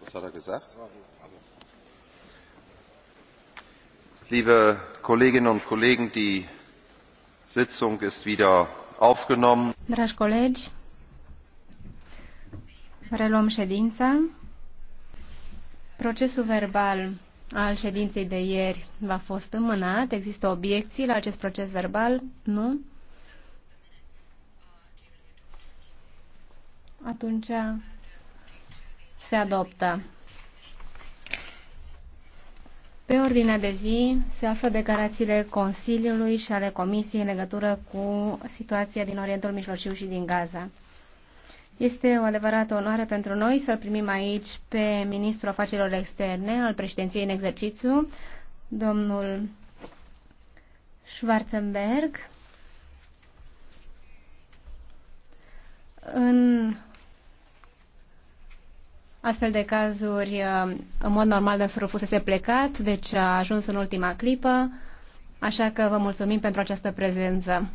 Was hat er gesagt? Liebe Kolleginnen und Kollegen, die Sitzung ist wieder aufgenommen. Dragi colegi, reluăm ședința. Procesul verbal al ședinței de ieri va fost înmânat. Există obiecții la acest proces verbal? Nu? atunci se adoptă. Pe ordinea de zi se află declarațiile Consiliului și ale Comisiei în legătură cu situația din Orientul Mijlociu și din Gaza. Este o adevărată onoare pentru noi să-l primim aici pe Ministrul Afacerilor Externe al președinției în exercițiu, domnul Schwarzenberg. În Astfel de cazuri, uh, în mod normal, dânsul fusese plecat, deci a ajuns în ultima clipă, așa că vă mulțumim pentru această prezență.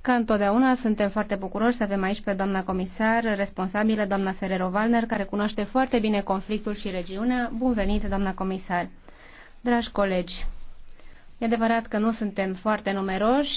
Ca întotdeauna, suntem foarte bucuroși să avem aici pe doamna comisar responsabilă, doamna Ferrero-Valner, care cunoaște foarte bine conflictul și regiunea. Bun venit, doamna comisar! Dragi colegi, e adevărat că nu suntem foarte numeroși,